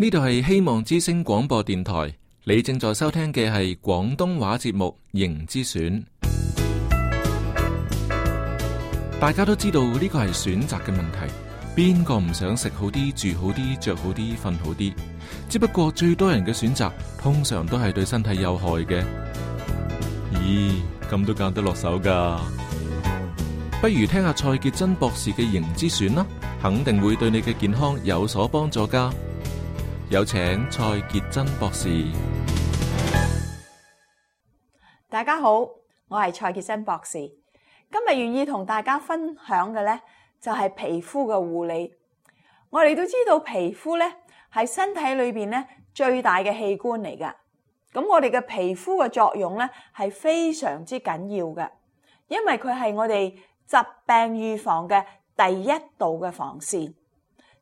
呢度係希望之聲廣播電台，你正在收聽嘅係廣東話節目《型之選》。大家都知道呢、這個係選擇嘅問題，邊個唔想食好啲、住好啲、着好啲、瞓好啲？只不過最多人嘅選擇通常都係對身體有害嘅。咦，咁都揀得落手㗎？不如聽下蔡潔真博士嘅《型之選》啦，肯定會對你嘅健康有所幫助㗎。有請蔡杰真博士。大家好，我係蔡杰真博士。今日願意同大家分享嘅咧，就係皮膚嘅護理。我哋都知道皮膚咧係身體裏邊咧最大嘅器官嚟噶。咁我哋嘅皮膚嘅作用咧係非常之緊要嘅，因為佢係我哋疾病預防嘅第一道嘅防線。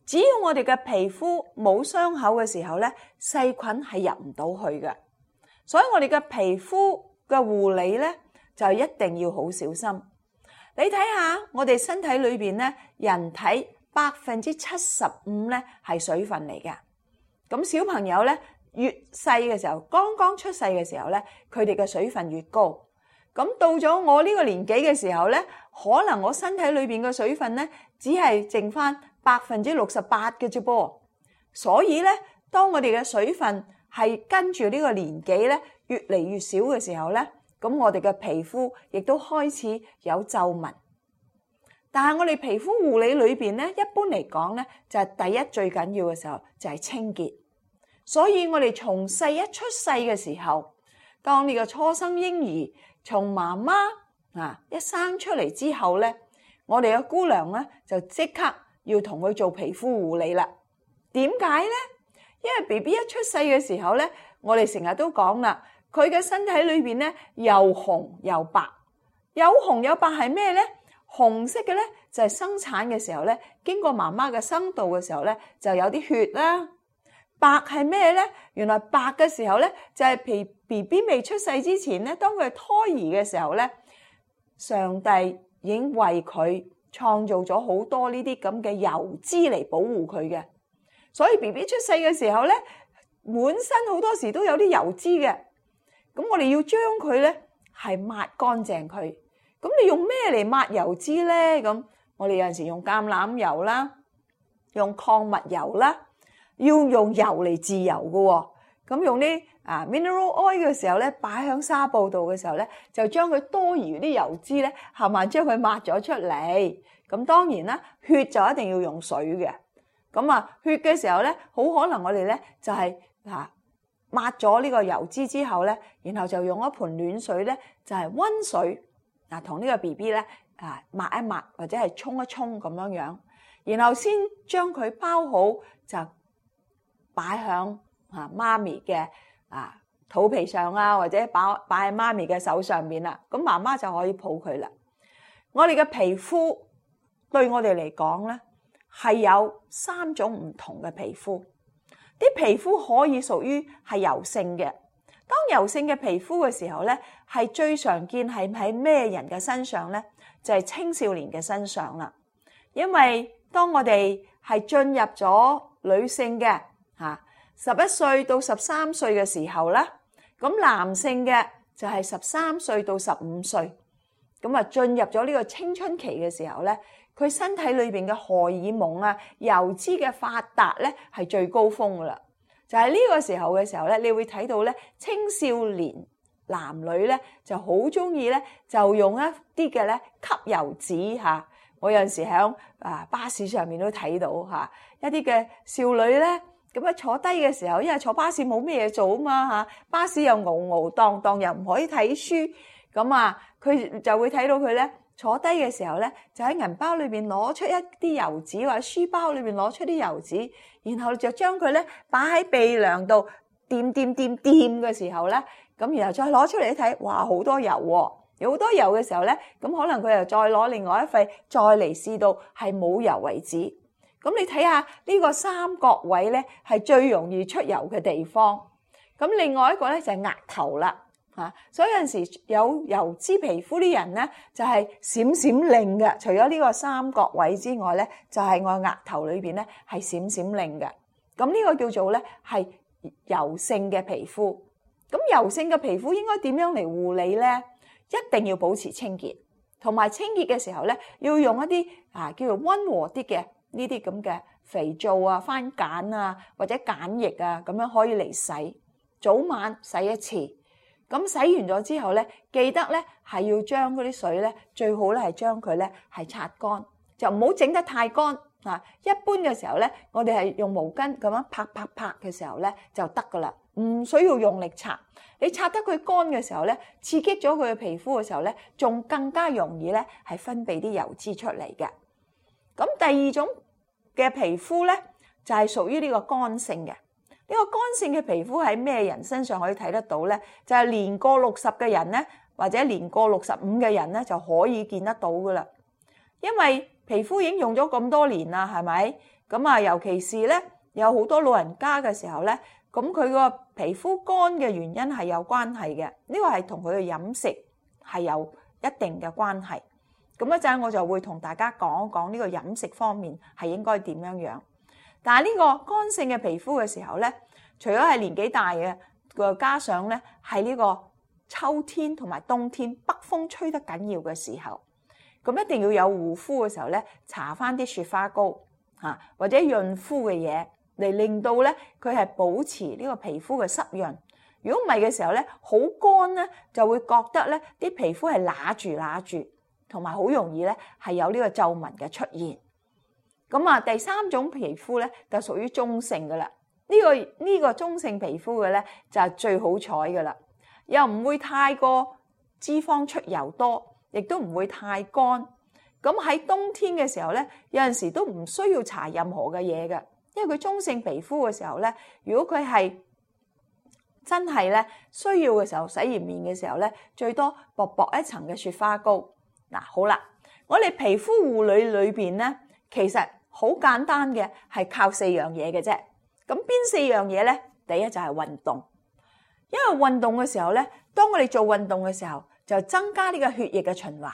只要我哋嘅皮膚冇傷口嘅時候咧，細菌係入唔到去嘅。所以我哋嘅皮膚嘅護理咧，就一定要好小心。你睇下我哋身體裏面咧，人體百分之七十五咧係水分嚟嘅。咁小朋友咧，越細嘅時候，剛剛出世嘅時候咧，佢哋嘅水分越高。咁到咗我呢個年紀嘅時候咧，可能我身體裏面嘅水分咧，只係剩翻，百分之六十八嘅啫噃，所以咧，當我哋嘅水分係跟住呢個年紀咧越嚟越少嘅時候咧，咁我哋嘅皮膚亦都開始有皺紋。但係我哋皮膚護理裏面咧，一般嚟講咧，就係第一最緊要嘅時候就係清潔。所以我哋從細一出世嘅時候，當你個初生嬰兒從媽媽啊一生出嚟之後咧，我哋嘅姑娘咧就即刻。要同佢做皮膚護理啦。點解咧？因為 B B 一出世嘅時候咧，我哋成日都講啦，佢嘅身體裏邊咧又紅又白。有紅有白係咩咧？紅色嘅咧就係、是、生產嘅時候咧，經過媽媽嘅生道嘅時候咧就有啲血啦。白係咩咧？原來白嘅時候咧就係 B B B 未出世之前咧，當佢係胎兒嘅時候咧，上帝已經為佢。創造咗好多呢啲咁嘅油脂嚟保護佢嘅，所以 BB 出世嘅時候咧，滿身好多時都有啲油脂嘅，咁我哋要將佢咧係抹乾淨佢，咁你用咩嚟抹油脂咧？咁我哋有陣時用橄欖油啦，用礦物油啦，要用油嚟自油㗎喎。咁用啲啊 mineral oil 嘅時候呢，擺喺沙布度嘅時候呢，就將佢多餘啲油脂呢，慢慢將佢抹咗出嚟。咁當然啦，血就一定要用水嘅。咁啊，血嘅時候呢，好可能我哋呢，就係吓抹咗呢個油脂之後呢，然後就用一盆暖水呢，就係溫水啊，同呢個 B 啊，媽咪嘅啊肚皮上啦，或者擺擺喺媽咪嘅手上面啦，咁媽媽就可以抱佢啦。我哋嘅皮膚對我哋嚟講咧，係有三種唔同嘅皮膚。啲皮膚可以屬於係油性嘅。當油性嘅皮膚嘅時候咧，係最常見係喺咩人嘅身上咧？就係青少年嘅身上啦。因為當我哋係進入咗女性嘅吓，十一歲到十三歲嘅時候咧，咁男性嘅就係十三歲到十五歲，咁啊進入咗呢個青春期嘅時候咧，佢身體裏邊嘅荷爾蒙啊、油脂嘅發達咧係最高峰噶啦，就係、是、呢個時候嘅時候咧，你會睇到咧青少年男女咧就好中意咧就用一啲嘅咧吸油紙吓，我有陣時響啊巴士上面都睇到吓，一啲嘅少女咧。咁啊，坐低嘅時候，因為坐巴士冇咩嘢做啊嘛嚇，巴士又搖搖盪盪，又唔可以睇書，咁啊，佢就會睇到佢咧坐低嘅時候咧，就喺銀包裏邊攞出一啲油紙，或者書包裏邊攞出啲油紙，然後就將佢咧擺喺鼻樑度，掂掂掂掂嘅時候咧，咁然後再攞出嚟一睇，哇，好多油喎，有好多油嘅時候咧，咁可能佢又再攞另外一塊，再嚟試到係冇油為止。咁你睇下呢個三角位咧，係最容易出油嘅地方。咁另外一個咧就係額頭啦，嚇。所以有陣時有油脂皮膚啲人咧，就係閃閃令嘅。除咗呢個三角位之外咧，就係我額頭裏邊咧係閃閃令嘅。咁呢個叫做咧係油性嘅皮膚。咁油性嘅皮膚應該點樣嚟護理咧？一定要保持清潔，同埋清潔嘅時候咧要用一啲啊叫做溫和啲嘅。呢啲咁嘅肥皂啊、番鹼啊或者鹼液啊，咁樣可以嚟洗，早晚洗一次。咁洗完咗之後咧，記得咧係要將嗰啲水咧，最好咧係將佢咧係擦乾，就唔好整得太乾啊。一般嘅時候咧，我哋係用毛巾咁樣拍拍拍嘅時候咧就得噶啦，唔需要用力擦。你擦得佢乾嘅時候咧，刺激咗佢嘅皮膚嘅時候咧，仲更加容易咧係分泌啲油脂出嚟嘅。咁第二種。嘅皮膚咧，就係屬於呢個乾性嘅。呢個乾性嘅皮膚喺咩人身上可以睇得到咧？就係年過六十嘅人咧，或者年過六十五嘅人咧，就可以見得到噶啦。因為皮膚已經用咗咁多年啦，係咪？咁啊，尤其是咧，有好多老人家嘅時候咧，咁佢個皮膚乾嘅原因係有關係嘅。呢個係同佢嘅飲食係有一定嘅關係。咁一陣我就會同大家講一講呢個飲食方面係應該點樣樣。但係呢個乾性嘅皮膚嘅時候咧，除咗係年紀大嘅，個加上咧係呢個秋天同埋冬天北風吹得緊要嘅時候，咁一定要有護膚嘅時候咧，搽翻啲雪花膏吓或者潤膚嘅嘢嚟令到咧佢係保持呢個皮膚嘅濕潤。如果唔係嘅時候咧，好乾咧就會覺得咧啲皮膚係乸住乸住。同埋好容易咧，係有呢個皺紋嘅出現。咁啊，第三種皮膚咧就屬於中性嘅啦，這個。呢個呢個中性皮膚嘅咧就係最好彩嘅啦，又唔會太過脂肪出油多，亦都唔會太乾。咁喺冬天嘅時候咧，有陣時都唔需要搽任何嘅嘢嘅，因為佢中性皮膚嘅時候咧，如果佢係真係咧需要嘅時候，洗完面嘅時候咧，最多薄薄一層嘅雪花膏。嗱，好啦，我哋皮膚護理裏邊咧，其實好簡單嘅，係靠四樣嘢嘅啫。咁邊四樣嘢咧？第一就係運動，因為運動嘅時候咧，當我哋做運動嘅時候，就增加呢個血液嘅循環。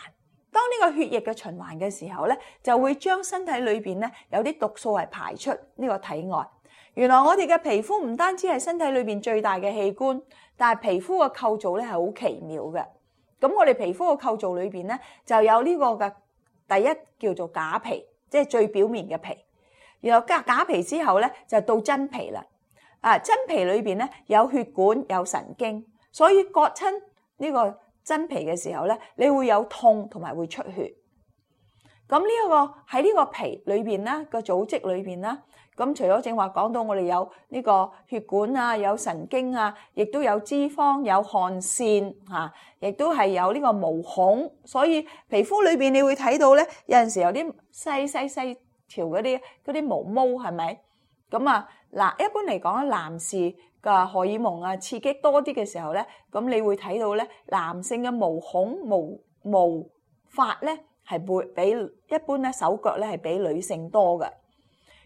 當呢個血液嘅循環嘅時候咧，就會將身體裏邊咧有啲毒素係排出呢個體外。原來我哋嘅皮膚唔單止係身體裏邊最大嘅器官，但係皮膚嘅構造咧係好奇妙嘅。咁我哋皮膚嘅構造裏邊咧，就有呢個嘅第一叫做假皮，即係最表面嘅皮。然後隔假皮之後咧，就到真皮啦。啊，真皮裏邊咧有血管，有神經，所以割親呢個真皮嘅時候咧，你會有痛同埋會出血。咁呢一個喺呢個皮裏邊啦，個組織裏邊啦。咁除咗正話講到，我哋有呢個血管啊，有神經啊，亦都有脂肪，有汗腺吓，亦都係有呢個毛孔。所以皮膚裏邊你會睇到咧，有陣時有啲細細細條嗰啲嗰啲毛毛，係咪？咁啊，嗱，一般嚟講咧，男士嘅荷爾蒙啊刺激多啲嘅時候咧，咁你會睇到咧，男性嘅毛孔毛毛髮咧係會比一般咧手腳咧係比女性多嘅。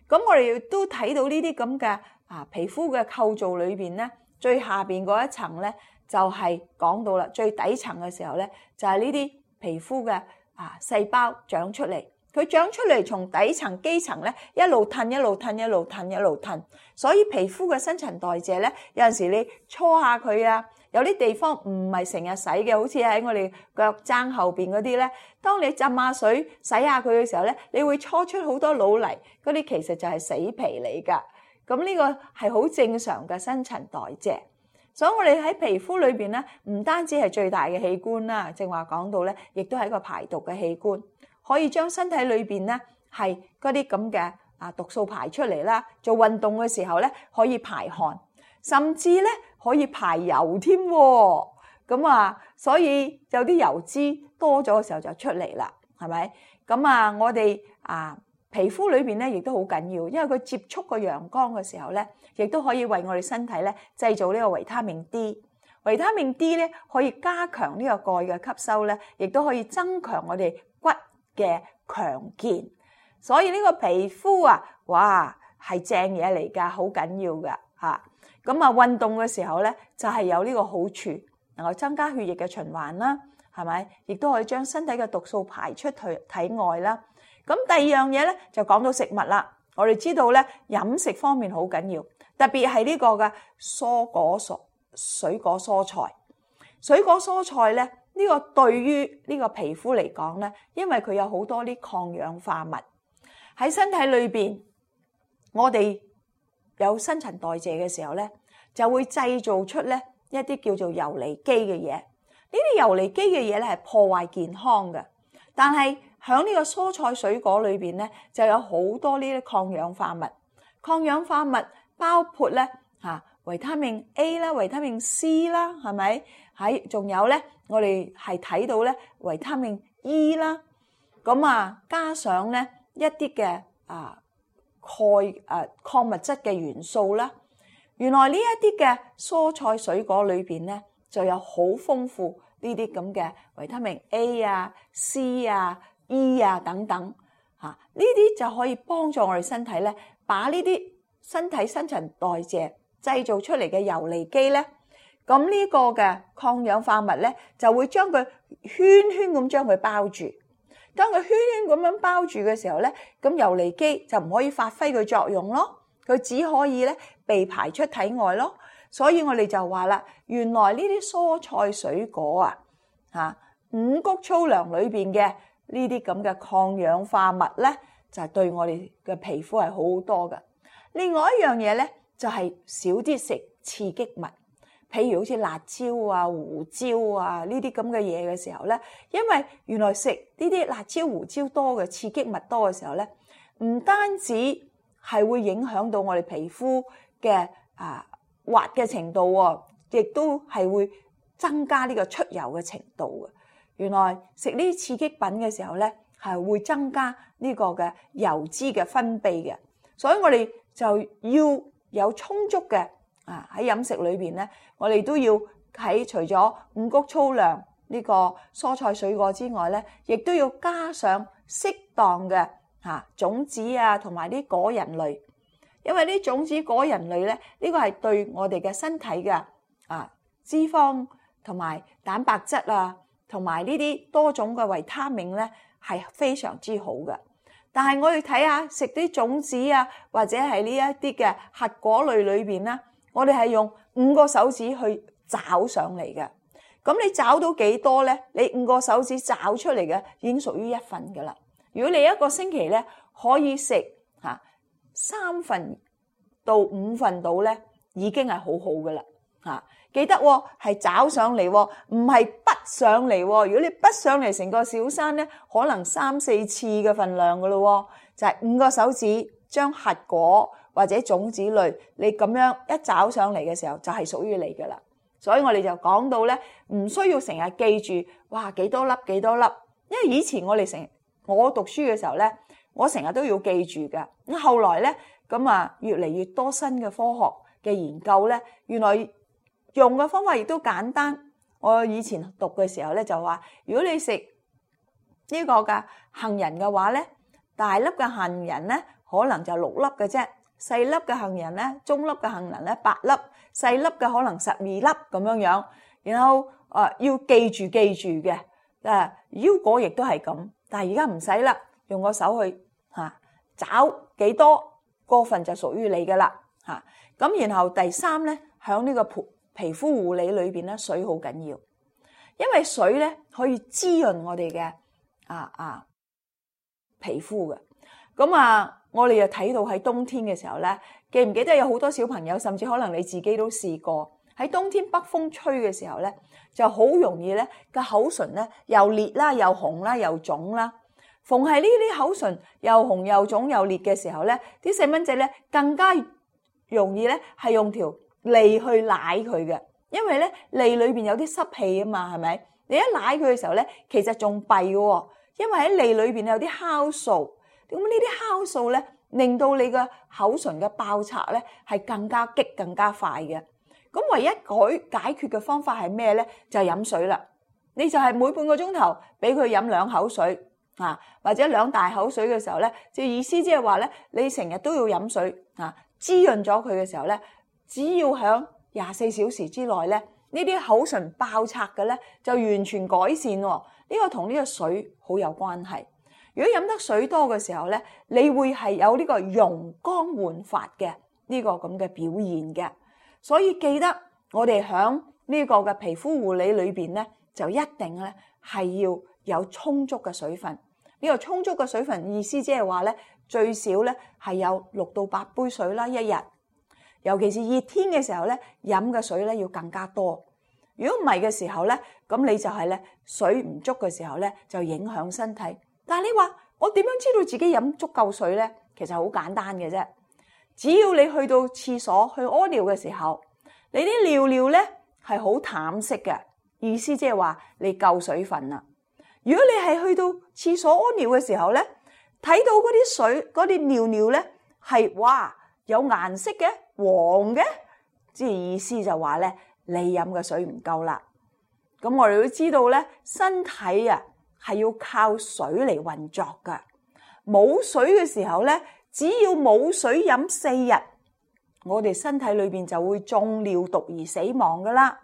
咁我哋都睇到呢啲咁嘅啊皮膚嘅構造裏面咧，最下面嗰一層咧就係講到啦，最底層嘅時候咧就係呢啲皮膚嘅啊細胞長出嚟，佢長出嚟從底層基層咧一路褪一路褪一路褪一路褪，所以皮膚嘅新陳代謝咧有陣時你搓下佢啊。有啲地方唔係成日洗嘅，好似喺我哋腳踭後邊嗰啲咧。當你浸下水洗下佢嘅時候咧，你會搓出好多老泥，嗰啲其實就係死皮嚟㗎。咁呢個係好正常嘅新陳代謝。所以我哋喺皮膚裏邊咧，唔單止係最大嘅器官啦，正話講到咧，亦都係一個排毒嘅器官，可以將身體裏邊咧係嗰啲咁嘅啊毒素排出嚟啦。做運動嘅時候咧，可以排汗，甚至咧。可以排油添喎，咁啊，所以有啲油脂多咗嘅時候就出嚟啦，係咪？咁啊，我哋啊皮膚裏面咧亦都好緊要，因為佢接觸個陽光嘅時候咧，亦都可以為我哋身體咧製造呢個維他命 D。維他命 D 咧可以加強呢個鈣嘅吸收咧，亦都可以增強我哋骨嘅強健。所以呢個皮膚啊，哇係正嘢嚟㗎，好緊要㗎嚇。咁啊，運動嘅時候咧，就係有呢個好處，能夠增加血液嘅循環啦，係咪？亦都可以將身體嘅毒素排出去體外啦。咁第二樣嘢咧，就講到食物啦。我哋知道咧，飲食方面好緊要，特別係呢個嘅蔬果蔬水果蔬菜，水果蔬菜咧，呢個對於呢個皮膚嚟講咧，因為佢有好多啲抗氧化物喺身體裏邊，我哋有新陳代謝嘅時候咧。就會製造出咧一啲叫做游離基嘅嘢，呢啲游離基嘅嘢咧係破壞健康嘅。但係喺呢個蔬菜水果裏邊咧，就有好多呢啲抗氧化物。抗氧化物包括咧嚇維他命 A、啦、維他命 C 啦，係咪？喺仲有咧，我哋係睇到咧維他命 E 啦，咁啊加上咧一啲嘅啊鈣啊礦物質嘅元素啦。原來呢一啲嘅蔬菜水果裏邊咧，就有好豐富呢啲咁嘅維他命 A 啊、C 啊、E 啊等等，吓呢啲就可以幫助我哋身體咧，把呢啲身體新陳代謝製造出嚟嘅游離基咧，咁呢個嘅抗氧化物咧，就會將佢圈圈咁將佢包住。當佢圈圈咁樣包住嘅時候咧，咁游離基就唔可以發揮佢作用咯。佢只可以咧被排出體外咯，所以我哋就話啦，原來呢啲蔬菜水果啊，吓五穀粗糧裏面嘅呢啲咁嘅抗氧化物咧，就係對我哋嘅皮膚係好好多嘅。另外一樣嘢咧，就係少啲食刺激物，譬如好似辣椒啊、胡椒啊呢啲咁嘅嘢嘅時候咧，因為原來食呢啲辣椒、胡椒多嘅刺激物多嘅時候咧，唔單止。係會影響到我哋皮膚嘅，啊，滑嘅程度喎，亦都係會增加呢個出油嘅程度嘅。原來，食呢啲刺激品嘅時候呢，係會增加呢個油脂嘅分泌嘅。所以我哋就要有充足嘅，啊，喺飲食裏面呢，我哋都要喺除咗五穀粗糧，呢個蔬菜水果之外呢，亦都要加上適當嘅吓種子啊，同埋啲果仁類，因為呢種子果仁類咧，呢個係對我哋嘅身體嘅、啊脂肪同埋蛋白質啊，同埋呢啲多種嘅維他命咧，係非常之好嘅。但係我哋睇下食啲種子啊，或者係呢一啲嘅核果類裏邊咧，我哋係用五個手指去找上嚟嘅。咁你找到幾多咧？你五個手指找出嚟嘅已經屬於一份噶啦。如果你一個星期咧可以食、啊、三份到五份到咧，已經係好好嘅啦嚇。記得係、哦、找上嚟、哦，唔係不上嚟、哦。如果你不上嚟，成個小山咧，可能三四次嘅份量嘅咯、哦，就係、是、五個手指將核果或者種子類，你咁樣一找上嚟嘅時候，就係屬於你嘅啦。所以我哋就講到咧，唔需要成日記住嘩，幾多粒，幾多粒，因為以前我哋成。我讀書嘅時候咧，我成日都要記住嘅。咁後來咧，咁啊越嚟越多新嘅科學嘅研究咧，原來用嘅方法亦都簡單。我以前讀嘅時候咧就話，如果你食呢個嘅杏仁嘅話咧，大粒嘅杏仁咧可能就六粒嘅啫，細粒嘅杏仁咧，中粒嘅杏仁咧八粒，細粒嘅可能十二粒咁樣樣。然後啊，要記住記住嘅啊，腰果亦都係咁。但係而家唔使啦，用個手去吓、啊、找幾多過份就屬於你噶啦吓，咁、啊、然後第三咧，喺呢個皮皮膚護理裏邊咧，水好緊要，因為水咧可以滋潤我哋嘅啊啊皮膚嘅，咁啊我哋又睇到喺冬天嘅時候咧，記唔記得有好多小朋友，甚至可能你自己都試過。喺冬天北風吹嘅時候呢，就好容易呢，個口唇呢，又裂啦，又紅啦，又腫啦。逢係呢啲口唇，又紅，又腫，又裂嘅時候呢，啲細蚊仔呢，更加容易呢，係用條脷去舐佢嘅。因為呢，脷裏面有啲濕氣㗎嘛，係咪？你一舐佢嘅時候呢，其實仲弊㗎喎。因為喺脷裏面有啲酵素。咁呢啲酵素呢，令到你個口唇嘅爆擦呢，係更加激，更加快嘅。咁唯一改解決嘅方法係咩咧？就係飲水啦。你就係每半個鐘頭俾佢飲兩口水啊，或者兩大口水嘅時候咧，就意思即係話咧，你成日都要飲水啊，滋潤咗佢嘅時候咧，只要響廿四小時之內咧，呢啲口唇爆拆嘅咧就完全改善喎。呢個同呢個水好有關係。如果飲得水多嘅時候咧，你會係有呢個容光煥發嘅呢個咁嘅表現嘅。所以記得我哋喺呢個嘅皮膚護理裏邊咧，就一定咧係要有充足嘅水分。呢個充足嘅水分意思即係話咧，最少咧係有六到八杯水啦，一日。尤其是熱天嘅時候咧，飲嘅水咧要更加多。如果唔係嘅時候咧，咁你就係咧水唔足嘅時候咧，就影響身體。但係你話我點樣知道自己飲足夠水咧？其實好簡單嘅啫。只要你去到廁所去屙尿的時候，你啲尿尿呢，係好淡色嘅。意思即係話，你夠水分啦。如果你係去到廁所屙尿的時候呢，睇到嗰啲水，嗰啲尿尿呢，係，哇，有顏色嘅，黃嘅。即係意思就話呢,你飲嘅水唔夠啦。咁我哋都知道呢,身體呀,係要靠水嚟運作嘅。冇水嘅時候呢，只要冇水飲四日，我哋身體裏邊就會中尿毒而死亡噶啦。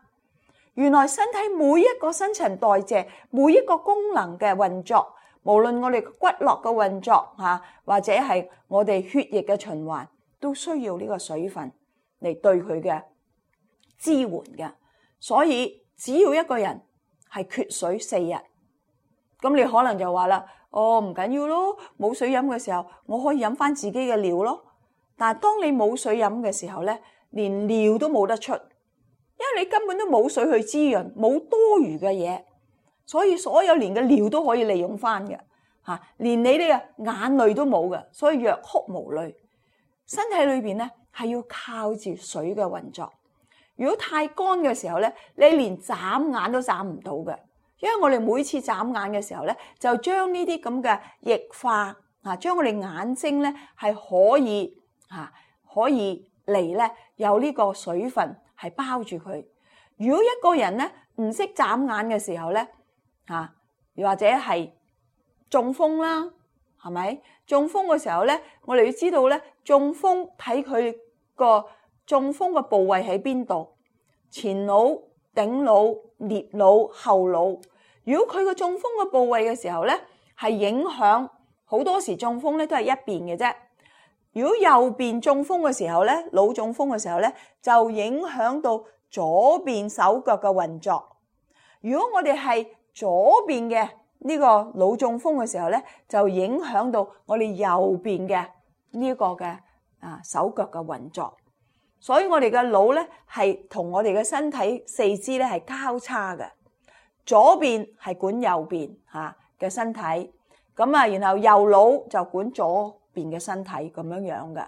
原來身體每一個新陳代謝、每一個功能嘅運作，無論我哋骨骼嘅運作吓，或者係我哋血液嘅循環，都需要呢個水分嚟，對佢嘅支援嘅。所以只要一個人係缺水四日，咁你可能就話啦。哦，唔緊要咯，冇水飲嘅時候，我可以飲翻自己嘅尿咯。但係當你冇水飲嘅時候咧，連尿都冇得出，因為你根本都冇水去滋潤，冇多餘嘅嘢，所以所有連嘅尿都可以利用翻嘅嚇，連你哋嘅眼淚都冇嘅，所以欲哭無淚。身體裏面咧係要靠住水嘅運作，如果太乾嘅時候咧，你連眨眼都眨唔到嘅。因為我哋每次眨眼嘅時候咧，就將呢啲咁嘅液化啊，將我哋眼睛咧係可以吓、啊、可以嚟，咧有呢個水分係包住佢。如果一個人咧唔識眨眼嘅時候咧，吓、啊、又或者係中風啦，係咪？中風嘅時候咧，我哋要知道咧，中風睇佢個中風嘅部位喺邊度，前腦。頂腦、顳腦、後腦，如果佢個中風嘅部位嘅時候咧，係影響好多時中風咧都係一邊嘅啫。如果右邊中風嘅時候咧，腦中風嘅時候咧，就影響到左邊手腳嘅運作。如果我哋係左邊嘅呢個腦中風嘅時候咧，就影響到我哋右邊嘅呢個嘅啊手腳嘅運作。所以我哋嘅腦咧，係同我哋嘅身體四肢咧係交叉嘅，左邊係管右邊吓嘅身體，咁啊，然後右腦就管左邊嘅身體咁樣樣嘅。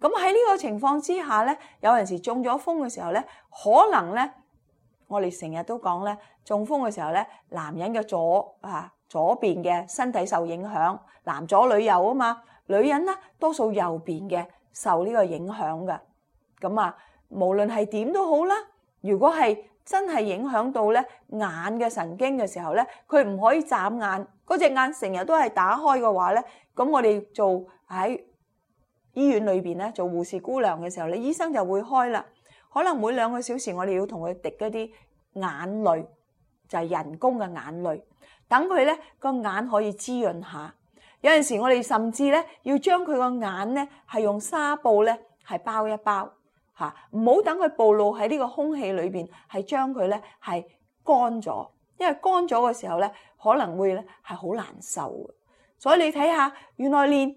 咁喺呢個情況之下咧，有陣時中咗風嘅時候咧，可能咧，我哋成日都講咧，中風嘅時候咧，男人嘅左啊，左邊嘅身體受影響，男左女右啊嘛，女人咧多數右邊嘅受呢個影響嘅。咁啊，無論係點都好啦。如果係真係影響到咧眼嘅神經嘅時候咧，佢唔可以眨眼，嗰隻眼成日都係打開嘅話咧，咁我哋做喺醫院裏邊咧做護士姑娘嘅時候咧，醫生就會開啦。可能每兩個小時我哋要同佢滴一啲眼淚，就係人工嘅眼淚，等佢咧個眼可以滋潤下。有陣時我哋甚至咧要將佢個眼咧係用紗布咧係包一包。吓，唔好等佢暴露喺呢個空氣裏面，係將佢咧係乾咗，因為乾咗嘅時候咧可能會咧係好難受嘅。所以你睇下，原來連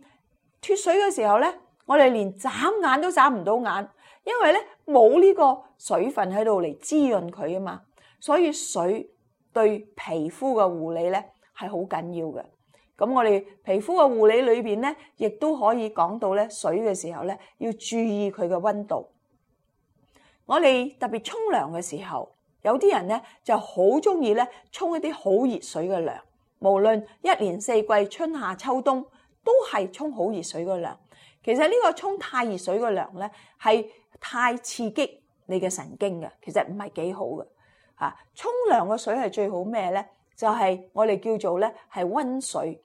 脱水嘅時候咧，我哋連眨眼都眨唔到眼，因為咧冇呢個水分喺度嚟滋潤佢啊嘛。所以水對皮膚嘅護理咧係好緊要嘅。咁我哋皮膚嘅護理裏面咧，亦都可以講到咧水嘅時候咧要注意佢嘅温度。我哋特別沖涼嘅時候，有啲人咧就好中意咧沖一啲好熱水嘅涼，無論一年四季春夏秋冬都係沖好熱水嘅涼。其實呢個沖太熱水嘅涼咧，係太刺激你嘅神經嘅，其實唔係幾好嘅。嚇，沖涼嘅水係最好咩咧？就係我哋叫做咧係温水，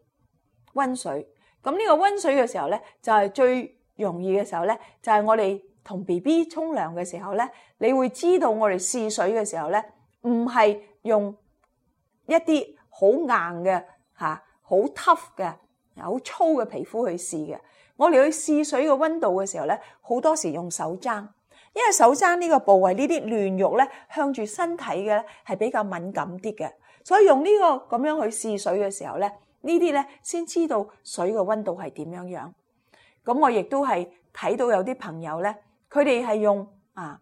温水。咁呢個温水嘅時候咧，就係最容易嘅時候咧，就係我哋。同 B B 沖涼嘅時候咧，你會知道我哋試水嘅時候咧，唔係用一啲好硬嘅好 tough 嘅、好粗嘅皮膚去試嘅。我哋去試水嘅温度嘅時候咧，好多時用手踭，因為手踭呢個部位呢啲嫩肉咧，向住身體嘅係比較敏感啲嘅，所以用呢個咁樣去試水嘅時候咧，呢啲咧先知道水嘅温度係點樣樣。咁我亦都係睇到有啲朋友咧。佢哋係用啊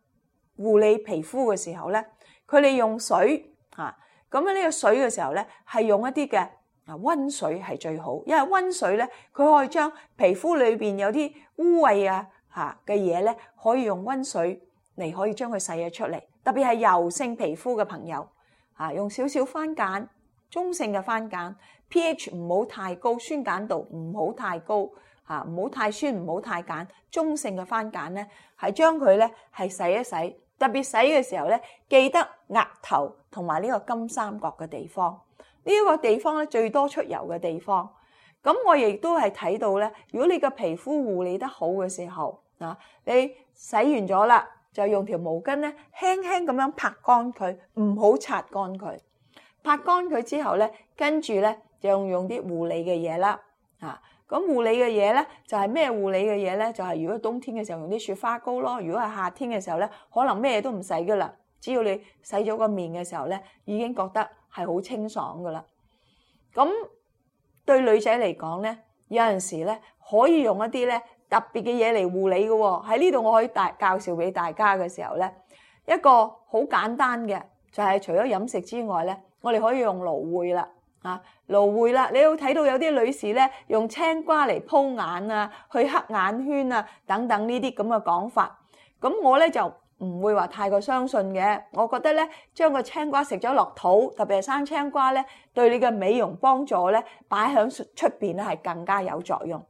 護理皮膚嘅時候咧，佢哋用水啊，咁樣呢個水嘅時候咧，係用一啲嘅啊温水係最好，因為温水咧，佢可以將皮膚裏邊有啲污穢啊嚇嘅嘢咧，可以用温水嚟可以將佢洗咗出嚟。特別係油性皮膚嘅朋友啊，用少少番梘，中性嘅番梘，pH 唔好太高，酸鹼度唔好太高。啊！唔好太酸，唔好太鹼，中性嘅番梘咧，係將佢咧係洗一洗，特別洗嘅時候咧，記得額頭同埋呢個金三角嘅地方，呢個地方咧最多出油嘅地方。咁我亦都係睇到咧，如果你個皮膚護理得好嘅時候，啊，你洗完咗啦，就用條毛巾咧，輕輕咁樣拍乾佢，唔好擦乾佢。拍乾佢之後咧，跟住咧就用啲護理嘅嘢啦，啊。咁護理嘅嘢咧，就係、是、咩護理嘅嘢咧？就係、是、如果冬天嘅時候用啲雪花膏咯；如果係夏天嘅時候咧，可能咩都唔使噶啦。只要你洗咗個面嘅時候咧，已經覺得係好清爽噶啦。咁對女仔嚟講咧，有陣時咧可以用一啲咧特別嘅嘢嚟護理嘅喎、哦。喺呢度我可以大介紹俾大家嘅時候咧，一個好簡單嘅就係、是、除咗飲食之外咧，我哋可以用蘆薈啦。啊，蘆薈啦，你要睇到有啲女士咧用青瓜嚟鋪眼啊，去黑眼圈啊，等等呢啲咁嘅講法。咁我咧就唔會話太過相信嘅。我覺得咧，將個青瓜食咗落肚，特別係生青瓜咧，對你嘅美容幫助咧，擺喺出面咧係更加有作用。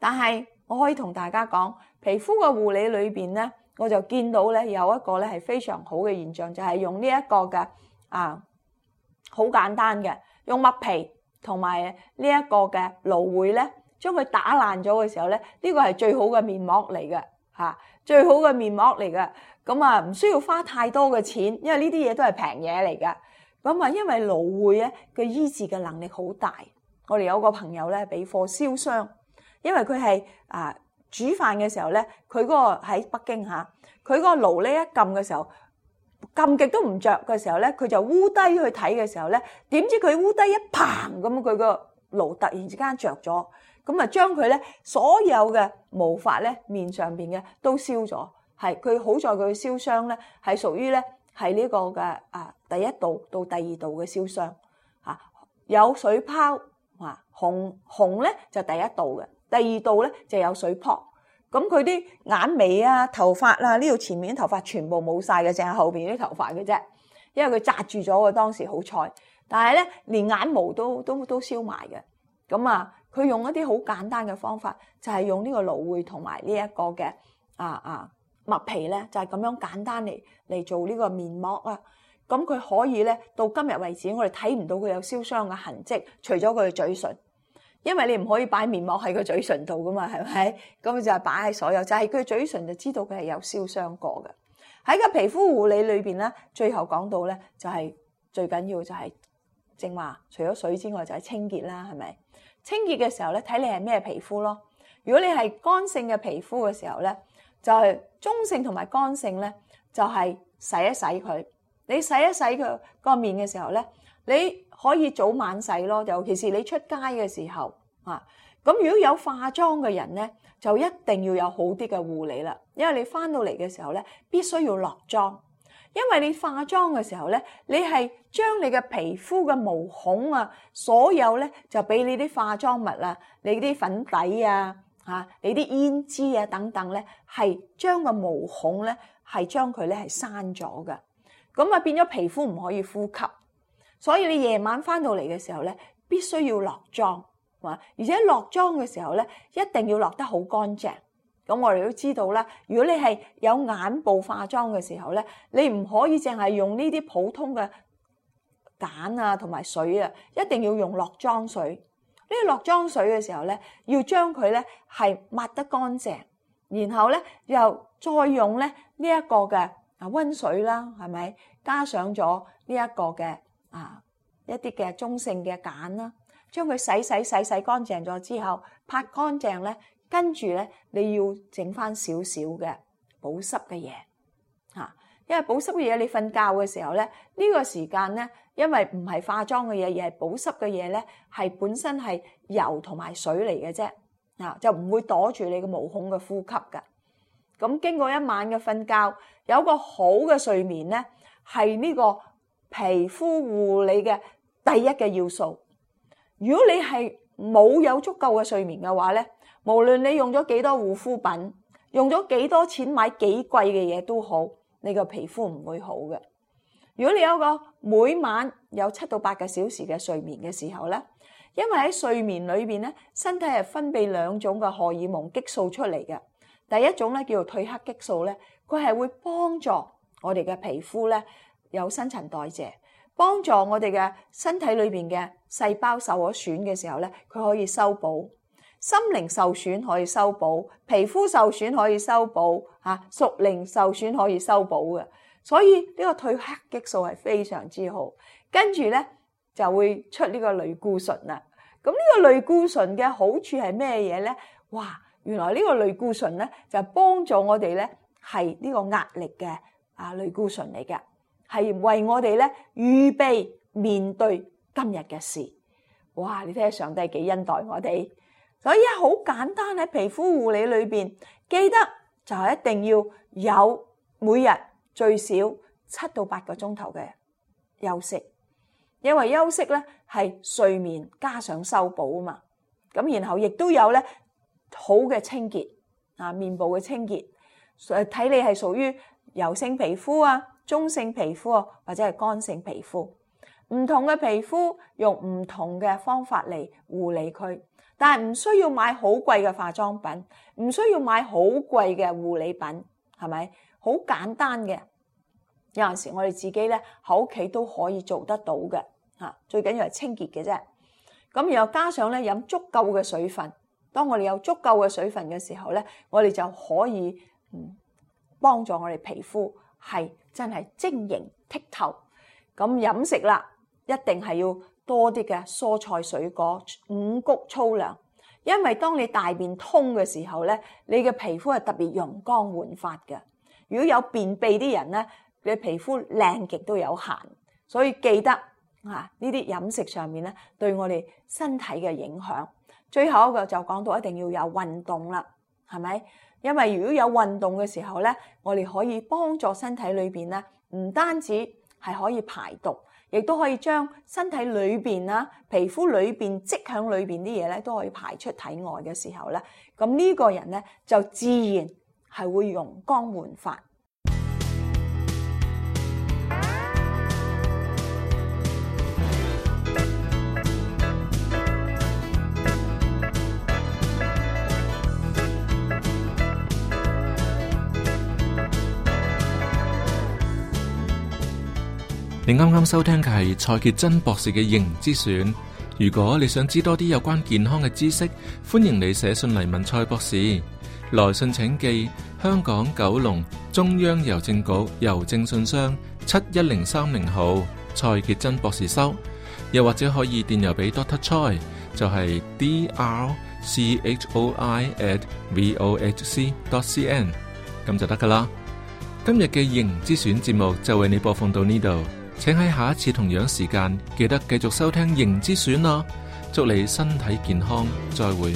但係我可以同大家講，皮膚嘅護理裏面咧，我就見到咧有一個咧係非常好嘅現象，就係、是、用呢一個嘅啊，好簡單嘅。用麥皮同埋呢一個嘅蘆薈咧，將佢打爛咗嘅時候咧，呢、這個係最好嘅面膜嚟嘅，吓、啊、最好嘅面膜嚟嘅。咁啊，唔需要花太多嘅錢，因為呢啲嘢都係平嘢嚟嘅。咁啊，因為蘆薈咧，佢醫治嘅能力好大。我哋有個朋友咧，俾火燒傷，因為佢係啊煮飯嘅時候咧，佢嗰、那個喺北京吓，佢嗰個爐呢，一撳嘅時候。咁極都唔着嘅時候咧，佢就烏低去睇嘅時候咧，點知佢烏低一嘭咁，佢個爐突然之間着咗，咁啊將佢咧所有嘅毛髮咧、面上邊嘅都燒咗。係佢好在佢燒傷咧，係屬於咧，係呢個嘅啊第一度到第二度嘅燒傷啊，有水泡啊，紅紅咧，就是、第一度嘅，第二度咧就是、有水泡。咁佢啲眼尾啊、頭髮啊呢度前面啲頭髮全部冇晒嘅，剩係後面啲頭髮嘅啫。因為佢紮住咗啊，當時好彩。但係咧，連眼毛都都都燒埋嘅。咁啊，佢用一啲好簡單嘅方法，就係、是、用呢個蘆薈同埋、這個啊啊、呢一個嘅啊啊麥皮咧，就係、是、咁樣簡單嚟嚟做呢個面膜啊。咁佢可以咧到今日為止，我哋睇唔到佢有燒傷嘅痕跡，除咗佢嘅嘴唇。因為你唔可以擺面膜喺個嘴唇度噶嘛，係咪？咁就係擺喺所有，就係、是、佢嘴唇就知道佢係有燒傷過嘅。喺個皮膚護理裏邊咧，最後講到咧、就是，就係最緊要就係正話，除咗水之外，就係清潔啦，係咪？清潔嘅時候咧，睇你係咩皮膚咯。如果你係乾性嘅皮膚嘅時候咧，就係、是、中性同埋乾性咧，就係洗一洗佢。你洗一洗佢個面嘅時候咧，你。可以早晚洗咯，尤其是你出街嘅時候啊。咁如果有化妝嘅人咧，就一定要有好啲嘅護理啦。因為你翻到嚟嘅時候咧，必須要落妝。因為你化妝嘅時候咧，你係將你嘅皮膚嘅毛孔啊，所有咧就俾你啲化妝物啊，你啲粉底啊，啊你啲胭脂啊等等咧，係將個毛孔咧係將佢咧係閂咗㗎。咁啊變咗皮膚唔可以呼吸。所以你夜晚翻到嚟嘅時候咧，必須要落妝，啊！而且落妝嘅時候咧，一定要落得好乾淨。咁我哋都知道啦，如果你係有眼部化妝嘅時候咧，你唔可以淨係用呢啲普通嘅梘啊同埋水啊，一定要用落妝水。呢個落妝水嘅時候咧，要將佢咧係抹得乾淨，然後咧又再用咧呢一個嘅啊溫水啦，係咪加上咗呢一個嘅？啊，一啲嘅中性嘅鹼啦，將佢洗洗洗洗，洗乾淨咗之後，拍乾淨咧，跟住咧，你要整翻少少嘅保濕嘅嘢，吓，因為保濕嘅嘢，你瞓覺嘅時候咧，呢個時間咧，因為唔係化妝嘅嘢，而係保濕嘅嘢咧，係本身係油同埋水嚟嘅啫，啊，就唔會躲住你個毛孔嘅呼吸嘅。咁經過一晚嘅瞓覺，有一個好嘅睡眠咧，係呢個。皮膚護理嘅第一嘅要素，如果你係冇有足夠嘅睡眠嘅話咧，無論你用咗幾多護膚品，用咗幾多錢買幾貴嘅嘢都好，你個皮膚唔會好嘅。如果你有個每晚有七到八個小時嘅睡眠嘅時候咧，因為喺睡眠裏邊咧，身體係分泌兩種嘅荷爾蒙激素出嚟嘅，第一種咧叫做褪黑激素咧，佢係會幫助我哋嘅皮膚咧。有新陳代謝，幫助我哋嘅身體裏邊嘅細胞受咗損嘅時候咧，佢可以修補心靈受損，可以修補皮膚受損，可以修補，嚇，熟齡受損可以修補嘅。所以呢個褪黑激素係非常之好。跟住咧就會出呢個類固醇啦。咁呢個類固醇嘅好處係咩嘢咧？哇，原來呢個類固醇咧就幫助我哋咧，係呢個壓力嘅啊類固醇嚟嘅。係為我哋咧預備面對今日嘅事。哇！你睇下，上帝幾恩待我哋。所以好簡單喺皮膚護理裏邊，記得就係一定要有每日最少七到八個鐘頭嘅休息，因為休息咧係睡眠加上修補啊嘛。咁然後亦都有咧好嘅清潔啊，面部嘅清潔。誒，睇你係屬於油性皮膚啊。中性皮膚啊，或者係乾性皮膚，唔同嘅皮膚用唔同嘅方法嚟護理佢，但係唔需要買好貴嘅化妝品，唔需要買好貴嘅護理品，係咪？好簡單嘅，有陣時我哋自己咧喺屋企都可以做得到嘅，最緊要係清潔嘅啫。咁然後加上咧飲足夠嘅水分，當我哋有足夠嘅水分嘅時候咧，我哋就可以嗯幫助我哋皮膚。係真係晶瑩剔透，咁飲食啦，一定係要多啲嘅蔬菜水果、五穀粗糧。因為當你大便通嘅時候咧，你嘅皮膚係特別容光煥發嘅。如果有便秘啲人咧，你嘅皮膚靚極都有限。所以記得啊，呢啲飲食上面咧，對我哋身體嘅影響。最後一個就講到一定要有運動啦，係咪？因為如果有運動嘅時候咧，我哋可以幫助身體裏面咧，唔單止係可以排毒，亦都可以將身體裏面啦、皮膚裏面、積響裏面啲嘢咧，都可以排出體外嘅時候咧，咁呢個人咧就自然係會容光煥發。你啱啱收聽嘅係蔡潔真博士嘅營之選。如果你想知多啲有關健康嘅知識，歡迎你寫信嚟問蔡博士。來信請寄香港九龍中央郵政局郵政信箱七一零三零號蔡潔真博士收。又或者可以電郵俾 Dr. Choi，就係 d r c h o i at v o h c dot c n，咁就得㗎喇。今日嘅營之選節目就為你播放到呢度。請喺下一次同樣時間記得繼續收聽《形之選》啦！祝你身體健康，再會。